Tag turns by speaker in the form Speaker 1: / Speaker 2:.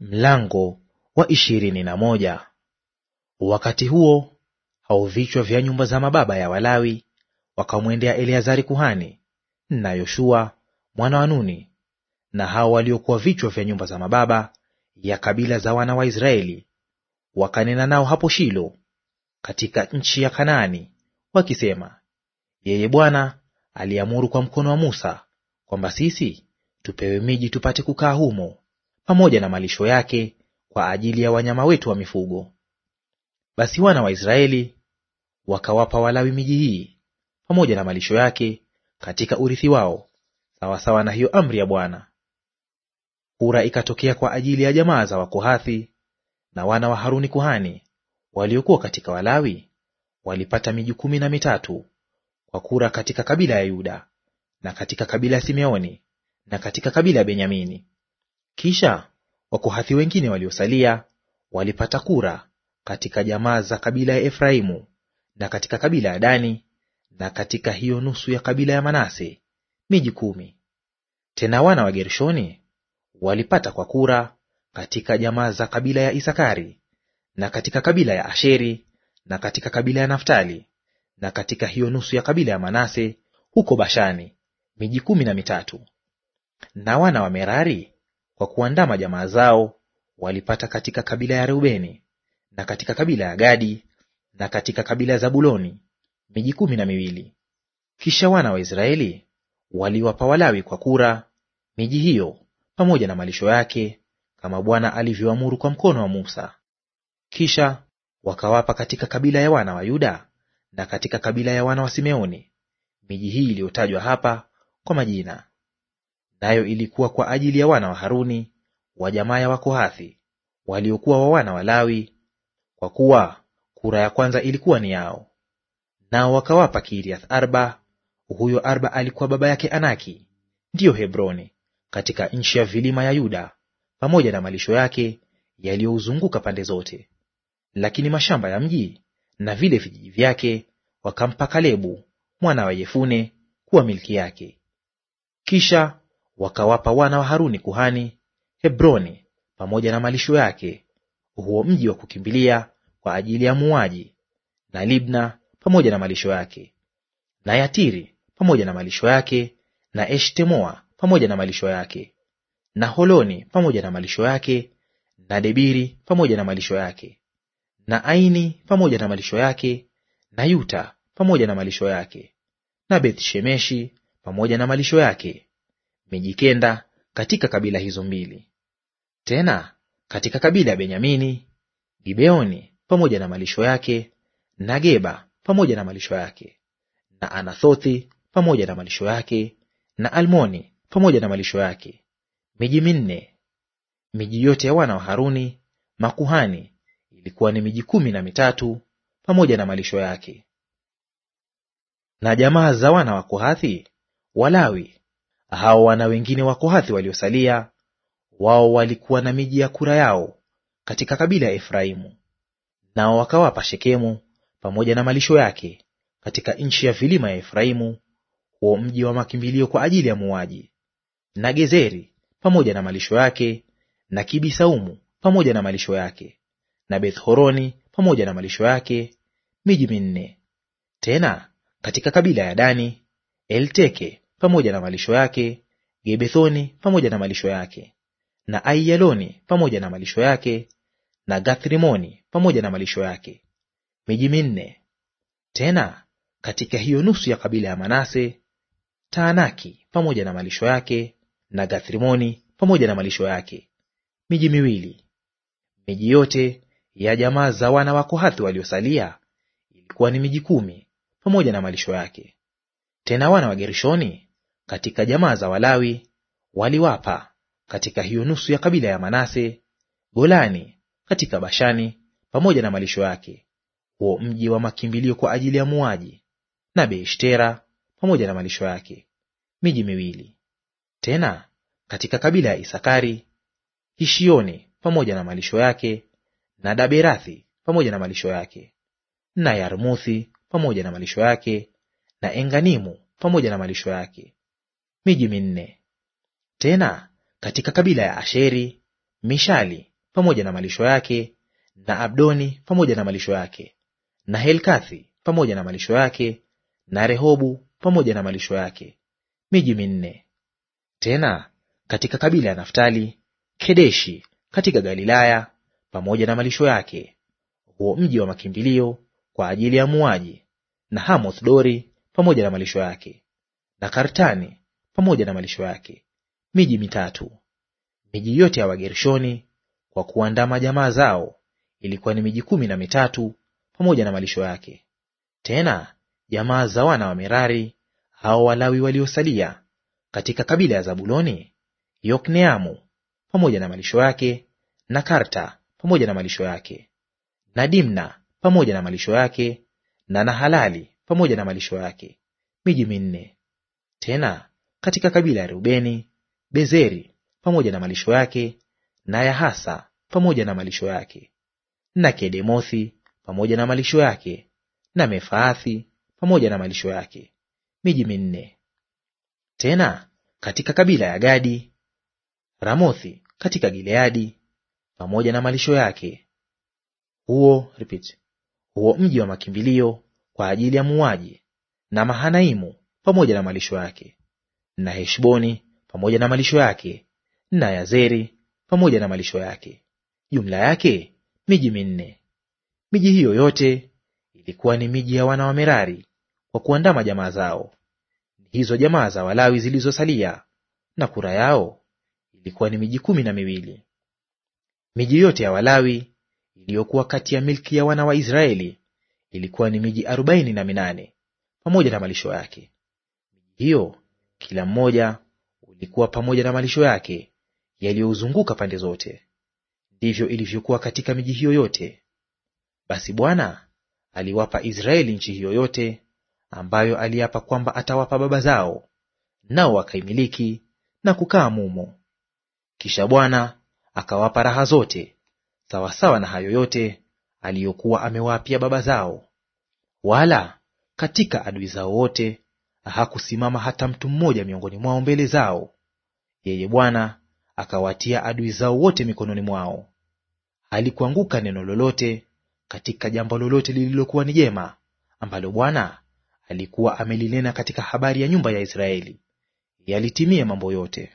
Speaker 1: Mlango wa ishirini na moja. Wakati huo hao vichwa vya nyumba za mababa ya Walawi wakamwendea Eleazari kuhani na Yoshua mwana wa Nuni na hao waliokuwa vichwa vya nyumba za mababa ya kabila za wana wa Israeli wakanena nao hapo Shilo katika nchi ya Kanaani wakisema, yeye Bwana aliamuru kwa mkono wa Musa kwamba sisi tupewe miji tupate kukaa humo pamoja na malisho yake kwa ajili ya wanyama wetu wa mifugo. Basi wana wa Israeli wakawapa Walawi miji hii pamoja na malisho yake katika urithi wao, sawasawa na hiyo amri ya Bwana. Kura ikatokea kwa ajili ya jamaa za Wakohathi, na wana wa Haruni kuhani waliokuwa katika Walawi walipata miji kumi na mitatu kwa kura, katika kabila ya Yuda na katika kabila ya Simeoni na katika kabila ya Benyamini. Kisha Wakohathi wengine waliosalia walipata kura katika jamaa za kabila ya Efraimu na katika kabila ya Dani na katika hiyo nusu ya kabila ya Manase, miji kumi. Tena wana wa Gershoni walipata kwa kura katika jamaa za kabila ya Isakari na katika kabila ya Asheri na katika kabila ya Naftali na katika hiyo nusu ya kabila ya Manase huko Bashani, miji kumi na mitatu. Na wana wa Merari kwa kuandama jamaa zao walipata katika kabila ya Reubeni na katika kabila ya Gadi na katika kabila ya Zabuloni miji kumi na miwili. Kisha wana wa Israeli waliwapa Walawi kwa kura miji hiyo pamoja na malisho yake, kama Bwana alivyoamuru kwa mkono wa Musa. Kisha wakawapa katika kabila ya wana wa Yuda na katika kabila ya wana wa Simeoni miji hii iliyotajwa hapa kwa majina nayo ilikuwa kwa ajili ya wana wa Haruni wa jamaa ya Wakohathi waliokuwa wa wana wa Lawi, kwa kuwa kura ya kwanza ilikuwa ni yao. Nao wakawapa Kiriath Arba; huyo Arba alikuwa baba yake Anaki, ndiyo Hebroni, katika nchi ya vilima ya Yuda, pamoja na malisho yake yaliyouzunguka pande zote. Lakini mashamba ya mji na vile vijiji vyake wakampa Kalebu mwana wa Yefune kuwa milki yake. Kisha Wakawapa wana wa Haruni kuhani Hebroni pamoja na malisho yake, huo mji wa kukimbilia kwa ajili ya muuaji, na Libna pamoja na malisho yake, na Yatiri pamoja na malisho yake, na Eshtemoa pamoja na malisho yake, na Holoni pamoja na malisho yake, na Debiri pamoja na malisho yake, na Aini pamoja na malisho yake, na Yuta pamoja na malisho yake, na Beth Shemeshi pamoja na malisho yake, miji kenda katika kabila hizo mbili. Tena katika kabila ya Benyamini, Gibeoni pamoja na malisho yake, na Geba pamoja na malisho yake, na Anathothi pamoja na malisho yake, na Almoni pamoja na malisho yake, miji minne. Miji yote ya wana wa Haruni makuhani ilikuwa ni miji kumi na mitatu pamoja na malisho yake. Na jamaa za wana wa Kohathi, Walawi hao wana wengine wa Kohathi waliosalia, wao walikuwa na miji ya kura yao katika kabila ya Efraimu, nao wakawapa Shekemu pamoja na malisho yake katika nchi ya vilima ya Efraimu, huo mji wa makimbilio kwa ajili ya muuaji, na Gezeri pamoja na malisho yake, na Kibisaumu pamoja na malisho yake, na Bethhoroni pamoja na malisho yake, miji minne. Tena katika kabila ya Dani, Elteke pamoja na malisho yake, gebethoni pamoja na malisho yake, na Aiyaloni pamoja na malisho yake, na Gathrimoni pamoja na malisho yake, miji minne. Tena katika hiyo nusu ya kabila ya Manase, Taanaki pamoja na malisho yake, na Gathrimoni pamoja na malisho yake, miji miwili. Miji yote ya jamaa za wana wa Kohathi waliosalia ilikuwa ni miji kumi pamoja na malisho yake. Tena wana wa Gerishoni katika jamaa za Walawi waliwapa katika hiyo nusu ya kabila ya Manase Golani katika Bashani pamoja na malisho yake, huo mji wa makimbilio kwa ajili ya muaji, na Beeshtera pamoja na malisho yake, miji miwili. Tena katika kabila ya Isakari kishioni pamoja na malisho yake, na Daberathi pamoja na malisho yake, na Yarmuthi pamoja na malisho yake, na Enganimu pamoja na malisho yake, miji minne. Tena katika kabila ya Asheri, Mishali pamoja na malisho yake, na Abdoni pamoja na malisho yake, na Helkathi pamoja na malisho yake, na Rehobu pamoja na malisho yake, miji minne. Tena katika kabila ya Naftali, Kedeshi katika Galilaya pamoja na malisho yake, huo mji wa makimbilio kwa ajili ya muaji na Hamoth Dori pamoja na malisho yake, na Kartani pamoja na malisho yake, miji mitatu. Miji yote ya Wagershoni kwa kuandama jamaa zao ilikuwa ni miji kumi na mitatu pamoja na malisho yake. Tena jamaa za wana wa Merari hao Walawi waliosalia katika kabila ya Zabuloni, Yokneamu pamoja na malisho yake, na Karta pamoja na malisho yake, na Dimna pamoja na malisho yake, na Nahalali pamoja na malisho yake, miji minne. Tena katika kabila ya rubeni Bezeri pamoja na malisho yake, na Yahasa pamoja na malisho yake, na Kedemothi pamoja na malisho yake, na Mefaathi pamoja na malisho yake, miji minne. Tena katika kabila ya Gadi, Ramothi katika Gileadi pamoja na malisho yake. Huo repeat, huo mji wa makimbilio kwa ajili ya muuaji, na Mahanaimu pamoja na malisho yake na Heshboni pamoja na malisho yake, na Yazeri pamoja na malisho yake. Jumla yake miji minne. Miji hiyo yote ilikuwa ni miji ya wana wa Merari kwa kuandama jamaa zao. Hizo jamaa za Walawi zilizosalia na kura yao ilikuwa ni miji kumi na miwili. Miji yote ya Walawi iliyokuwa kati ya milki ya wana wa Israeli ilikuwa ni miji arobaini na minane pamoja na malisho yake. Miji hiyo kila mmoja ulikuwa pamoja na malisho yake yaliyouzunguka pande zote. Ndivyo ilivyokuwa katika miji hiyo yote. Basi Bwana aliwapa Israeli nchi hiyo yote ambayo aliapa kwamba atawapa baba zao, nao wakaimiliki na kukaa mumo. Kisha Bwana akawapa raha zote sawasawa na hayo yote aliyokuwa amewaapia baba zao, wala katika adui zao wote hakusimama hata mtu mmoja miongoni mwao mbele zao; yeye Bwana akawatia adui zao wote mikononi mwao. Halikuanguka neno lolote katika jambo lolote lililokuwa ni jema ambalo Bwana alikuwa amelinena katika habari ya nyumba ya Israeli; yalitimie mambo yote.